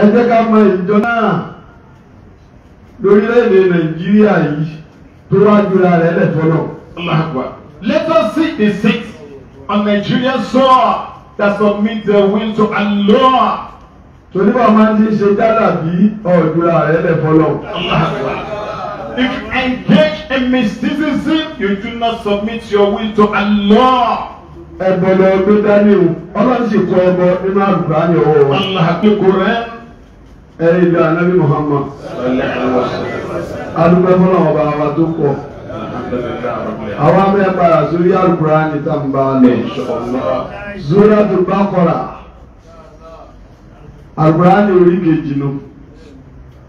ẹ ká mọ ìjọ náà lórílẹ̀‐èdè nàìjíríà yìí tó wá jura rẹ̀ lẹ́tọ́nà. Let us see the six on Nigerian soil that submit their will to Allah. Torí bá máa ń ti ṣe jálàbí ọ̀dúrà rẹ̀ lẹ́fọ́lọ́. If you engage in mysticism, you do not submit your will to Allah. ẹbọ lọ gbé dání o ọlọ́run sì kọ ẹbọ nínú àgùrá ni ọwọ́ wa. aláàkókò rẹ. ẹ ìlú anabi muhammad. adúgbò fún àwọn ọba wa tó kọ àwọn amẹ́ padà sórí àgùrá ni tá n bá lọ. zora tó bá kọ́ra. ni orí kejì nù.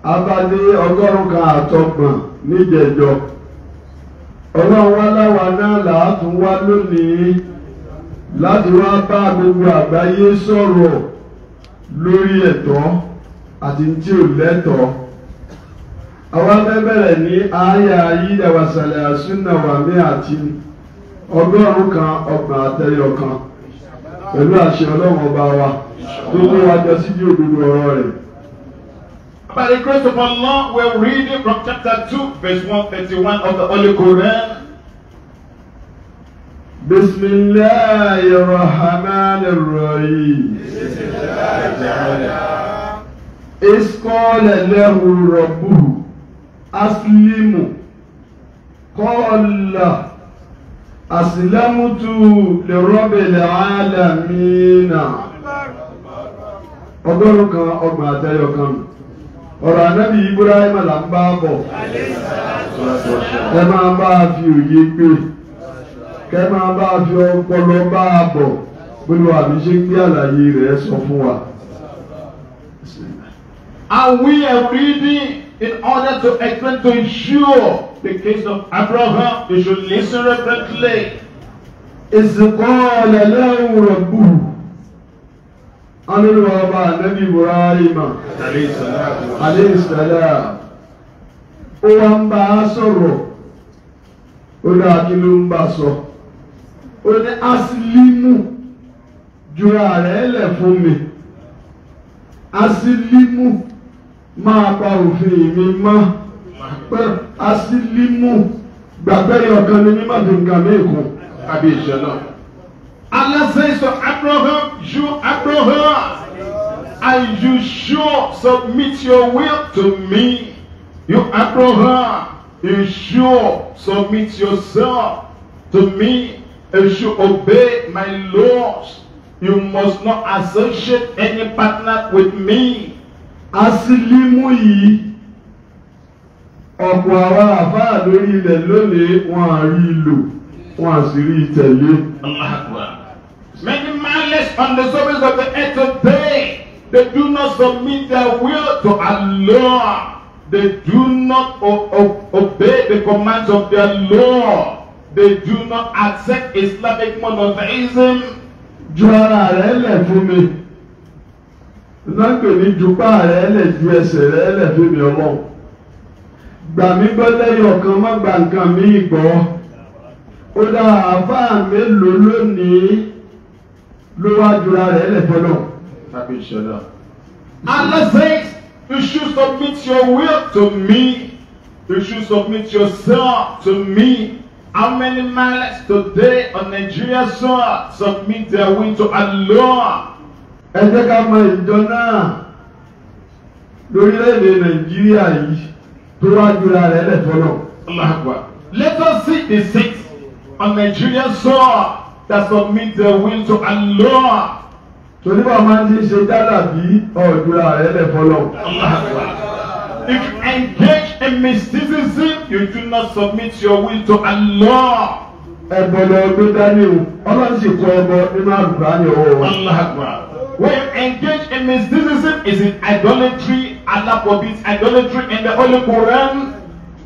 abadé ọgọ́rùn láti wá bá gbogbo àgbáyé sọ̀rọ̀ lórí ẹ̀tọ́ àti tí ò lẹ́tọ̀ọ́ àwa fẹ́ bẹ̀rẹ̀ ní àyà yídàwàsàlẹ̀ àsúnà wàmí àti ọgọ́rùn-ún kan ọgbà àtẹyọ kan pẹ̀lú àṣẹ ọlọ́run ọba wa tó mú wa jọ sí bí òdodo ọ̀rọ̀ rẹ̀. By the grace of Allah, we're reading from chapter 2, verse 131 of the Holy Quran. بسم الله الرحمن الرحيم بسم الله تعالى إذ قال له ربه أسلم قال أسلمت لرب العالمين ọgọ́rùn-ún kan ọgbọ̀n àtẹyọ kan Ibrahim là ẹ máa bá a fi òye pé kẹ́ máa bá a fi ọpọlọ bá a bọ̀ pẹ̀lú àbí ṣe gbé àlàyé rẹ̀ sọ fún wa. And we are reading in order to explain to ensure the case of Abraham, you should listen reverently. Ìsìnkọ́ọ̀lẹ̀ lẹ́hùn rẹ̀ bù. Anúlù ọba ànábì Ibrahima. Alayhi salam. Ó wá ń bá a sọ̀rọ̀. Ó dáa kí ló ń bá a sọ ó ní asilimu jura rẹ̀ lẹ̀ fún mi asilimu máa pa òfin mi mọ́ pé asilimu gbàgbẹ́ ọ̀kan ni mímọ́ fi nǹkan mi kù àbí ìṣẹ̀lẹ̀. Allah says to Abraham, you Abraham, and you sure submit your will to me. You Abraham, you sure submit yourself to me. You should obey my laws. You must not associate any partner with me. Asilimu yìí ọ̀pọ̀ àwọn àfáà lórí ilẹ̀ lónìí wọn à rí lò wọn à sì rí tẹ̀lé. Many malice on the surface of the earth today, they do not submit their will to Allah. They do not obey the commands of their Lord. They do not accept Islamic monotheism. Ju ara rẹ lẹ̀ fún mi. Iná pè ní jupá rẹ lẹ̀ ju ẹsẹ̀ rẹ lẹ̀ fún mi ọlọ́run. Gbà mí gbọ́ lẹ́yìn ọ̀kan má gba nǹkan mí gbọ́. Ó dá àáfàá mélòó lónìí ló wá jura rẹ lẹ̀ fọlọ́. Tàbí Allah says, you should submit your will to me. You should submit yourself to me. How many mallets today on Nigeria soil submit their will to Allah? Ẹ jẹ́ ká mọ ìjọ náà lórílẹ̀-èdè Nàìjíríà yìí tó wá jura rẹ̀ lẹ́tọ́nà. Allahu Let us see the six on Nigeria soil that submit their will to Allah. Torí máa ń ṣe jádàbí ọ̀dùnrà rẹ̀ lẹ́tọ́nà. Allahu. If you engage in mysticism, you do not submit your will to Allah. Ẹ̀bọ̀ lọ gbé dání Ọlọ́run sì kọ ẹbọ nínú àgùrá ni ọwọ́ wa. akbar. When you engage in mysticism, is it idolatry? Allah forbids idolatry in the Holy Quran.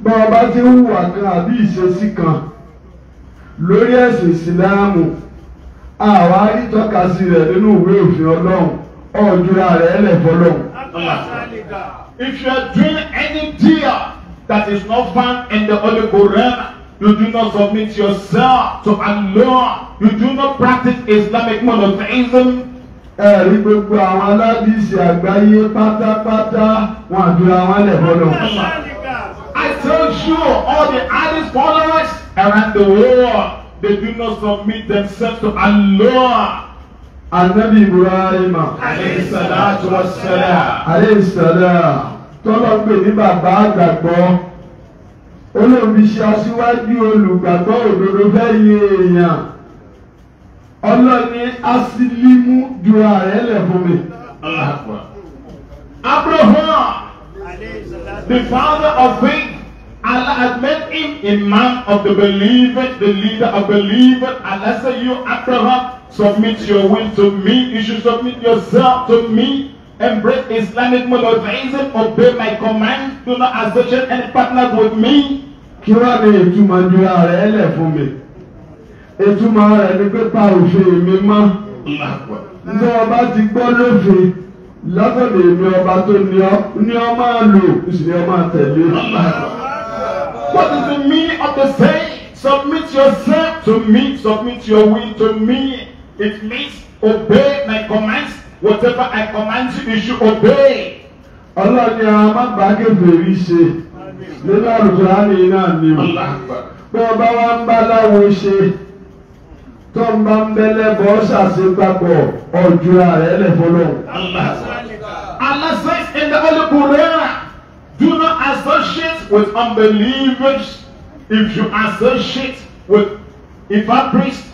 Bọ́lá ti ń wà kan àbí ìṣesí kan lórí ẹ̀sìn ìsìláàmù àwa rí tọ́ka sí rẹ̀ nínú ìwé òfin Ọlọ́run ọ̀jọ̀ra rẹ̀ ẹlẹ́fọ́ lọ́hùn. If you are doing any deal that is not found in the Holy Quran, you do not submit yourself to Allah. You do not practice Islamic monotheism. Ẹ̀rí gbogbo àwọn aládìsí àgbáyé pátápátá wọn àdúrà wọn lè I tell you all the Hadith followers around the world they do not submit themselves to Allah anabi ibrahima aleesala tọ́lọ́ pè ní bàbá àgbàgbọ́ olóòbíṣe aṣíwájú olùgbàgbọ́ òdodo fẹ́yìn èèyàn ọlọ́ni asilimu ju ààrẹ lẹ̀ fún Abraham, the father of faith, Allah has made him a man of the believer, the leader of believers. Allah said, You, Abraham, Submit your will to me. You should submit yourself to me. Embrace Islamic monotheism. Obey my command. Do not associate any partners with me. Kí wá ní ìtumọ̀ ìdúrà rẹ̀ ẹlẹ̀ fún mi? Ìtumọ̀ rẹ̀ ni pé pa òfin mi mọ́. Ǹjẹ́ ọba ti gbọ́ lófin? Lọ́sọ̀dọ̀ èmi ọba tó ní ọ máa lò, ó sì ọ máa tẹ̀lé. What is the meaning of the saying? Submit yourself to me, submit your will to me. It means obey my commands. Whatever I command you, you should obey. Ọlọ́run ni àwọn máa bá kèfèrí ṣe nínú àlùkùránì náà ni o. Bí wọ́n bá wá ń bá láwo ṣe tó ń bá ń bẹ́lẹ́bọ̀ ṣàṣepapọ̀ ọ̀jọ̀ ààrẹ lẹ́fọ́lọ́. Allah says in the Holy Quran, do not associate with unbelievers if you associate with if a priest."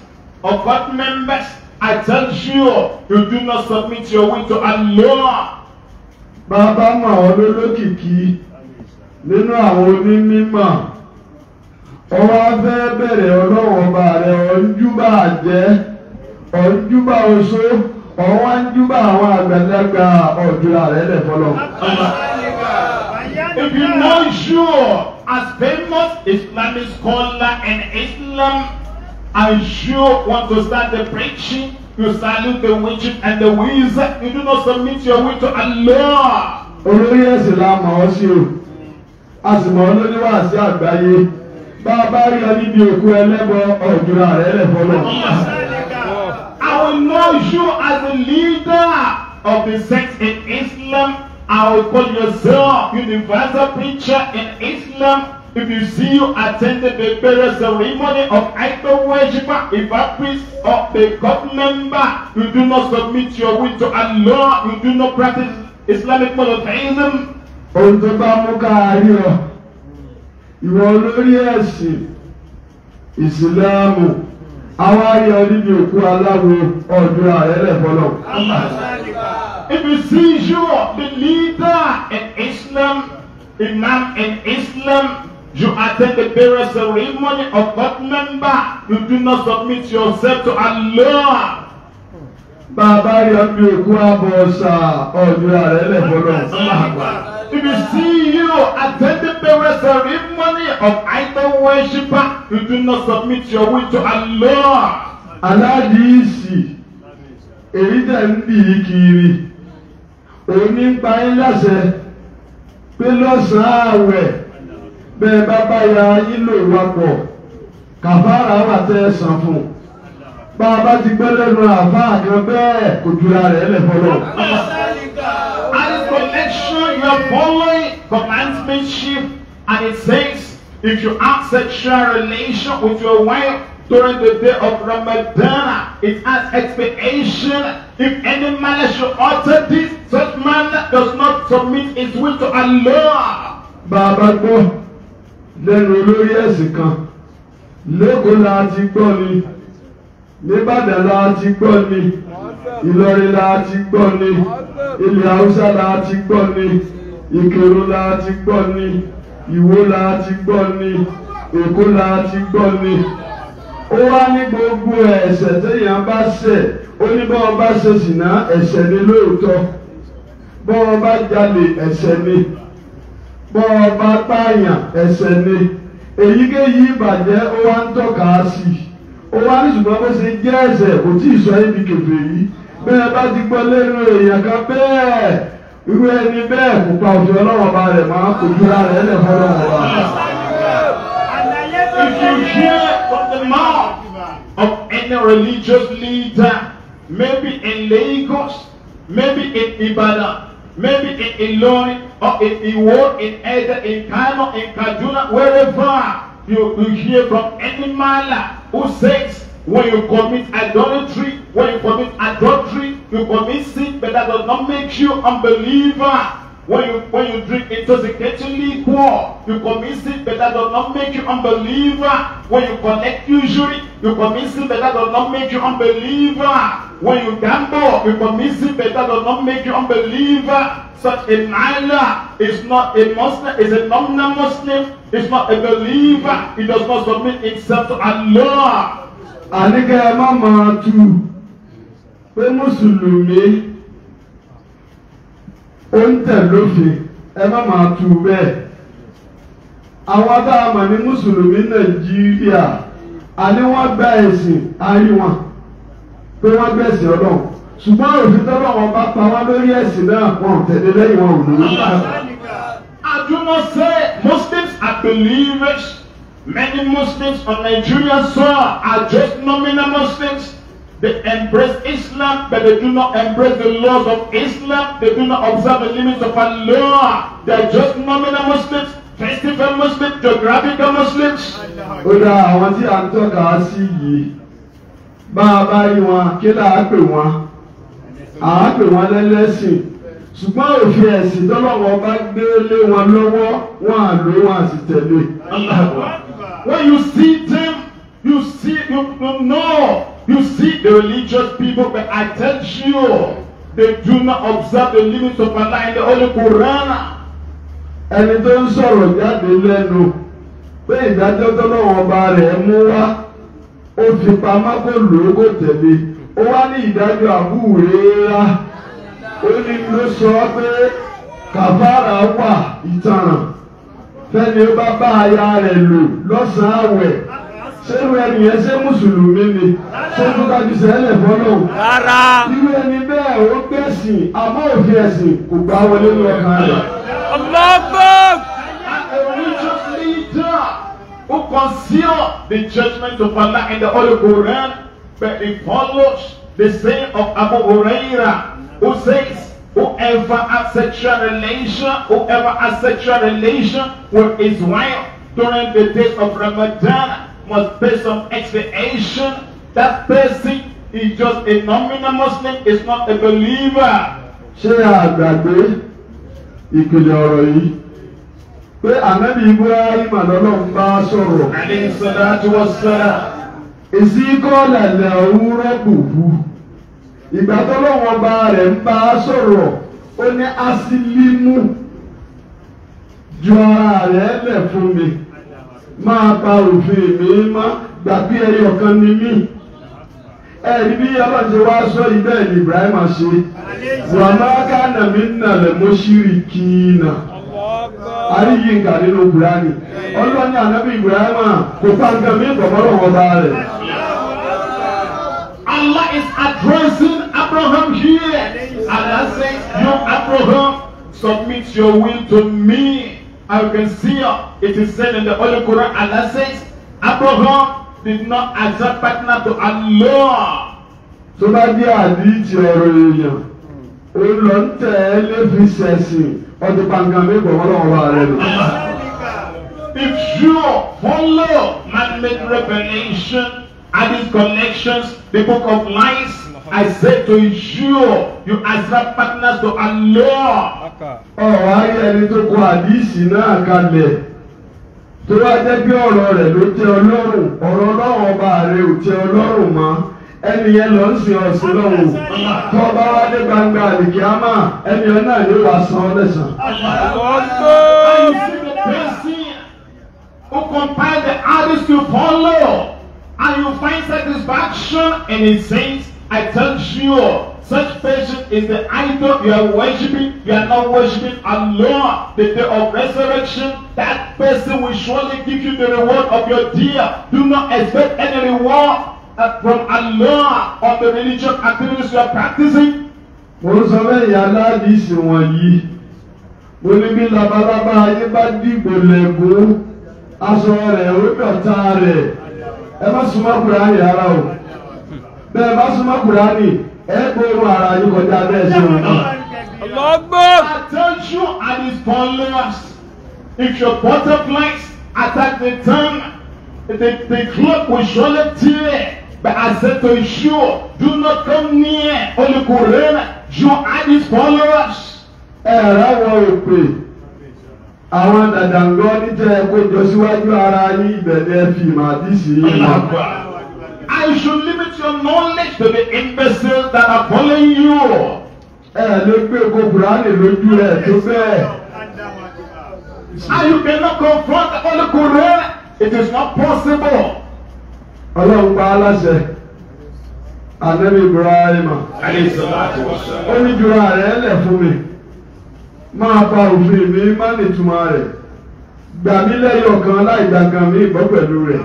Of what members, I tell you, you do not submit your will to Allah. Bàbá mà ọ́ lólókìkí nínú àwọn onímímọ̀. Ọwọ́ afẹ́ bẹ̀rẹ̀ ọlọ́wọ́ bá rẹ̀ ọ̀njúbà jẹ́ ọ̀njúbà oṣó ọwọ́ ọ̀njúbà àwọn àgbàlagbà ọ̀dúrà rẹ̀ lẹ̀ fọlọ́. If you know sure, as famous Islamic scholar and Islam As you want to start the preaching, you salute the witches and the wizard. You do not submit your will to Allah. Olórí ẹ̀sìn la mọ̀ ọ́ sí o. A sì mọ̀ ọ́ lórí wá sí àgbáyé. Bá a bá rí ọ níbi òkú ẹlẹ́bọ ọ̀jọ̀ra rẹ̀ lẹ́fọ́ lọ. I will know you as the leader of the sect in Islam. I will call yourself universal preacher in Islam. If you see you attended the burial ceremony of idol worshiper, if a priest or a God member, you do not submit your will to Allah, you do not practice Islamic monotheism. Ohun tó bá mú káàárín ọ, ìwọ olórí ẹ̀sìn Ìsìláàmù, àwọn ayọ̀ níbi òkú aláwo ọdún ààrẹ fọlọ́. If you see you, the leader in Islam, Imam in Islam, You attend the burial ceremony of that member. You do not submit yourself to Allah. Bàbá rí ọdún èkó àbọ̀ṣà ọ̀dúnrà rẹ̀ lẹ́fọ̀lọ́ ọ̀gbà. If you see you attend the burial ceremony of idol worshiper, you do not submit your will to Allah. Aládìísì, èyí tẹ̀ ń bì í kiri, òní ń pa yín láṣẹ pé lọ́sàn-án àwẹ̀ bẹ́ẹ̀ bá báyà yílò ìwakọ̀ kàfàrà wà tẹ́ sàn fún un bá a bá ti gbẹ́ lẹ́nu àfáà kan bẹ́ẹ̀ kò jura rẹ̀ lẹ́fọ́lọ́. As connection, you are following commandmentship, and it says, if you have sexual relation with your wife during the day of Ramadan, it has expiation. If any man should utter this, such man does not submit his will to Allah. Bàbá gbọ́ lẹ́nu olórí ẹ̀sìn kan lẹ́kọ̀ọ́ la ti gbọ́ ni nìbàdàn la ti gbọ́ ni ìlọrin la ti gbọ́ ni ilẹ̀ haúsá la ti gbọ́ ni ìkèrò la ti gbọ́ ni ìwó la ti gbọ́ ni èkó la ti gbọ́ ni ó wá ní gbogbo ẹ̀ṣẹ̀ téèyàn bá ṣẹ̀ ó ní bọ́ọ̀ bá ṣe ṣìnà ẹ̀ṣẹ̀ ni lóòótọ́ bọ́ọ̀ bá jalè ẹ̀ṣẹ̀ ni bọ́ ọ pààyàn ẹ̀ṣẹ̀ ni èyíkéyìí ìbàjẹ́ ó wá ń tọ́ka sí i ó wá ní ṣùgbọ́n bó ṣe jẹ́ ẹ̀ṣẹ̀ kò tí ì sọ ibi kèfè yìí bẹ́ẹ̀ bá ti gbọ́ lẹ́nu èèyàn kan bẹ́ẹ̀ irú ẹni bẹ́ẹ̀ kò pa òfin ọlọ́wọ́ ba rẹ̀ máa kò ju ara rẹ̀ lẹ̀ fọ́lọ́ wọn wa. If you hear from the mouth of any religious leader, maybe in Lagos, maybe in Ibadan, maybe in Ilorin, or in Iwo, in Ede, in Kano, in Kaduna, wherever you, you hear from any man uh, who says when you commit idolatry, when you commit adultery, you commit sin, but that does not make you unbeliever. When you when you drink intoxicatingly poor, you commit sin, but that does not make you unbeliever. When you collect usury, you commit sin, but that does not make you unbeliever. When you gamble, you commit sin, but that does not make you unbeliever. Such a nihiler is not a Muslim, is a non-Muslim, is not a believer. He does not submit himself to Allah. Àníkẹ́ ẹ má máa tu pé Mùsùlùmí ó ẹ má máa tu bẹ́ẹ̀ àwọn tá a mọ̀ ní mùsùlùmí nàìjíríà a ní wọ́n gba ayé wọn pé wọ́n gbẹ̀sìn ọlọ́run ṣùgbọ́n òfin tọ́lọ́ wọn bá pa wá lórí ẹ̀sìn náà wọn tẹ̀lé lẹ́yìn wọn ò ní. I do not say Muslims are believers. Many Muslims on Nigeria soil are just nominal Muslims. They embrace Islam, but they do not embrace the laws of Islam. They do not observe the limits of Allah. They are just nominal Muslims, festival Muslims, geographical Muslims. Oda, dá àwọn tí à ń tọ́ka sí yìí. Bá a bá rí wọn, kí là á pè wọ́n? À á pè wọ́n lẹ́lẹ́sìn. Ṣùgbọ́n òfin ẹ̀sìn tọ́lọ́wọ́ bá gbé lé wọn lọ́wọ́, wọn à ló wọn sì tẹ̀lé. When you see them, you see, you, you know. You see the religious people, but I tell you, they do not observe the limits of Allah in the Holy Quran. Ẹni tó ń sọ̀rọ̀ jáde lẹ́nu pé ìdájọ́ tọ́lọ́wọ́ ọba rẹ̀ mú wá ó fi pamọ́ kó lò ó kó tẹ̀lé ó wá ní ìdájọ́ àbúwèéra ó ní ló sọ pé kàfàrà wà ìtanràn fẹ́ni ó bá bá aya rẹ̀ lò lọ́sàn-án àwẹ̀ sẹ́nu ẹni yẹn ṣé mùsùlùmí ni sẹ́nu kájú sẹ́lẹ̀ fọ́lọ́ rárá irú ẹni bẹ́ẹ̀ ó gbẹ̀sìn àmọ́ òfin ẹ̀sìn kò gbá wọlé ní ọkàn rẹ̀. ọlọ́gbọ́n. a religious leader who conceal the judgment of Allah in the Holy Quran but he follows the saying of Abu Huraira who says. Whoever has sexual relation, whoever has sexual relation with his wife during the days of Ramadan, must pay some expiation. That person is just a nominal Muslim, is not a believer. Ṣé àgbàgbé ìpìlẹ̀ ọ̀rọ̀ yìí? Pé ànábì Ibrahim Àlọ́lọ́run bá sọ̀rọ̀. Alayhi salatu wassalam. Èsì kọ́lá làwọn rọ́pùpù. Ìgbà tọ́lọ́wọ́n ọba rẹ̀ ń bá sọ̀rọ̀, ó ní asílímù ju ara rẹ̀ lẹ̀ fún mi máa ka òfin mi mọ́ gbàgbé ẹyọ kan ni mí ẹni bí ọlọ́dẹ wá sọ ibẹ̀ ni Ibrahim ṣe wà máa ká nàmí nàlẹ̀ mọ́ṣírì kìínà àríyìnkà nínú Kùránì ọlọ́ni ànábì Ibrahim kò pa nǹkan mi pọ̀ mọ́rọ̀ wọn bá rẹ̀. Allah is addressing Abraham here. Allah says, "You Abraham, submit your will to me." And you can see it is said in the Holy Quran, Allah says, Abraham did not accept partner to Allah. So that dé àdíjì ọ̀rọ̀ O ó lọ ń tẹ̀ ẹ́ lébi sẹ̀sìn ọdún gbàngàn mi gbọ̀ wọ́n wà rẹ̀ lọ. If you follow man-made revelation and its connections, the book of lies, I say to you, you accept partners to Allah ọ̀rọ̀ ayé tó kọ àdìsí náà kalẹ̀ tó wá jẹ́ pé ọ̀rọ̀ rẹ̀ ló tẹ́ ọlọ́rùn ọ̀rọ̀ ọlọ́run ọba rẹ̀ ò tẹ́ ọlọ́run mọ́ ẹni yẹn lọ ń sin ọ̀sìn lọ́wọ́ tó ọba wá dé gbangba àdìgí àmà ẹni yẹn náà yóò wá san ọlẹ́sàn. Who compile the others to follow, and you find satisfaction in his sins? I tell you. Such person is the idol you are worshiping. You are not worshiping Allah. The day of resurrection, that person will surely give you the reward of your deed. Do not expect any reward uh, from Allah or the religious activities you are practicing. Mo sọ bẹ́ẹ̀ yà ládìsí wọ̀nyí. Mo ní bí labalábá ayé bá dìgbò lẹ́gùn, aṣọ rẹ̀ ó dọ̀tá rẹ̀. Ẹ má súnmọ́ Kùránì rárá o. Bẹ́ẹ̀ bá súnmọ́ Kùránì ẹ kó irun ara yín kọjá bẹ́ẹ̀ ṣe wọn náà. Attention and his followers. If your butterflies attack the tongue, the, the clock will surely tear. But I said to you, do not come near Holy Quran, you and his followers. Ẹ̀rọ wọ òpè. Àwọn dàdàngọ́ níjẹ́ ẹ̀kọ́ ìjọsíwájú ara yín ìbẹ̀lẹ̀ fìmà bí sí ìmọ̀. I should limit your knowledge to the imbeciles that are following you. Ẹ lè gbé epo Bùránì lójú rẹ̀ tó bẹ́ẹ̀. And you cannot confront the Holy Quran. It is not possible. Ọlọ́run pa á láṣẹ. Ànábì Ibrahim. Ó ní jura rẹ̀ lẹ̀ fún mi. Máa pa òfin mi, má nìtumọ̀ rẹ̀. Gbà mí lẹ́yìn ọ̀kan láì gbàgàn mi ìbọ̀ pẹ̀lú rẹ̀.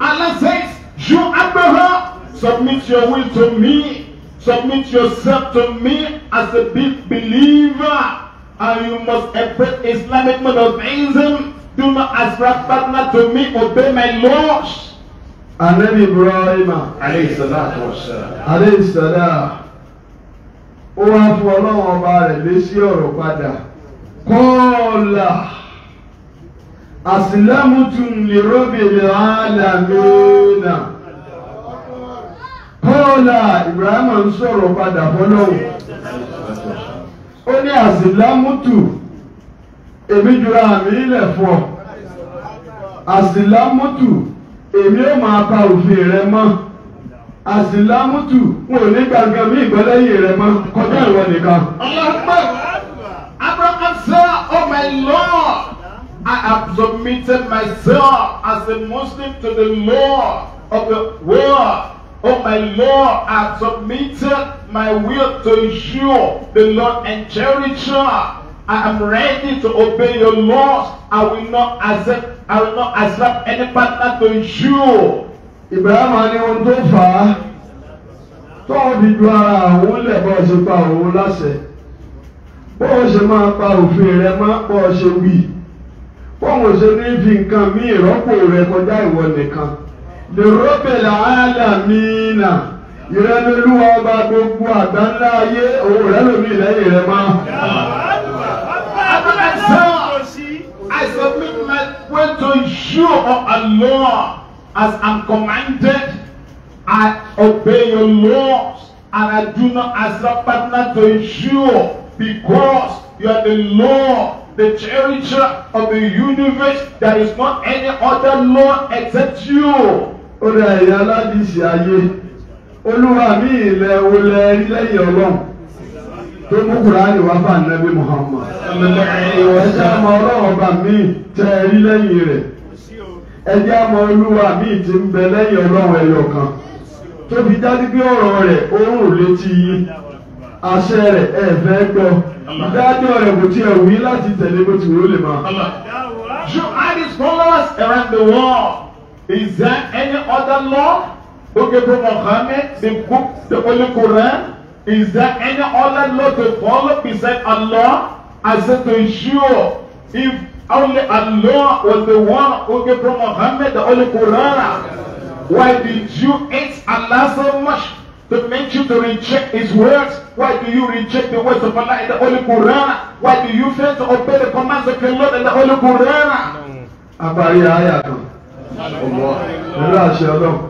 Allah said. You, Abraham, submit your will to me. Submit yourself to me as a big believer. And you must embrace Islamic monotheism. Do not ascribe partner to me. Obey my laws. And then Ibrahim alayhi salatu wassalam. Alayhi salam. Ó wá fún ọlọ́run ọba rẹ̀ lé sí kọ́ọ̀là Ibrahima ń sọ̀rọ̀ padà fọlọ́wọ́ ó ní àsìlámùtù èmi jura àmì ilẹ̀ fọ́ àsìlámùtù èmi ò máa pa òfin rẹ mọ́ àsìlámùtù n ò ní gbàgbọ́ mi ìgbẹ́lẹ́yìn rẹ mọ́ kọjá ìwọ nìkan. ọlọ́pàá Abraham said, Oh my Lord, I have submitted myself as a Muslim to the law of the world. Oh my Lord, I submitted my will to you, the Lord and cherisher. I am ready to obey your laws. I will not accept, I will not accept any partner to you. Ibrahim ni ohun tó fà á tóun fi ju ara àwọn lẹ́bọ̀ ṣe pa òun láṣẹ. Bó o ṣe máa pa òfin rẹ máa pọ̀ ṣe wí. Bó o ṣe ní fi nǹkan mí ìrọ́pò rẹ kọjá ìwọ nìkan lèròbèlà àlàmínà ìrẹ́lẹ́lúwa ọba gbogbo àgbáńlá ayé òun rẹ̀ lómi lẹ́yìn rẹ̀ máa. I submit my way to you, O Allah, as I'm commanded. I obey your laws, and I do not accept partner to ensure because you are the law, the cherisher of the universe. There is not any other law except you. ó rẹ ẹ̀yin aládìsí ayé olúwa mi ilẹ̀ wo lẹ rí lẹ́yìn ọlọ́run tó mú kùránì wá fà nẹ́bí Muhammad ẹ̀jẹ̀ àmọ́ ọlọ́run ọba mi tẹ ẹ lẹ́yìn rẹ̀ ẹ̀jẹ̀ ọmọ olúwa mi ti ń lẹ́yìn ọlọ́run kan fi jáde pé ọ̀rọ̀ rẹ̀ òun létí àṣẹ rẹ̀ gbọ́ rẹ̀ kò tiẹ̀ wí láti tẹ̀lé bó ti lè Is there any other law? Okay, for Muhammad, the book, the Holy Quran, is there any other law to follow beside Allah? I said to sure, if only Allah was the one who gave Muhammad the Holy Quran, why did you hate Allah so much to make you to reject His words? Why do you reject the words of Allah in the Holy Quran? Why do you fail to obey the commands of Allah in the Holy Quran? No. pẹ̀lú àṣẹ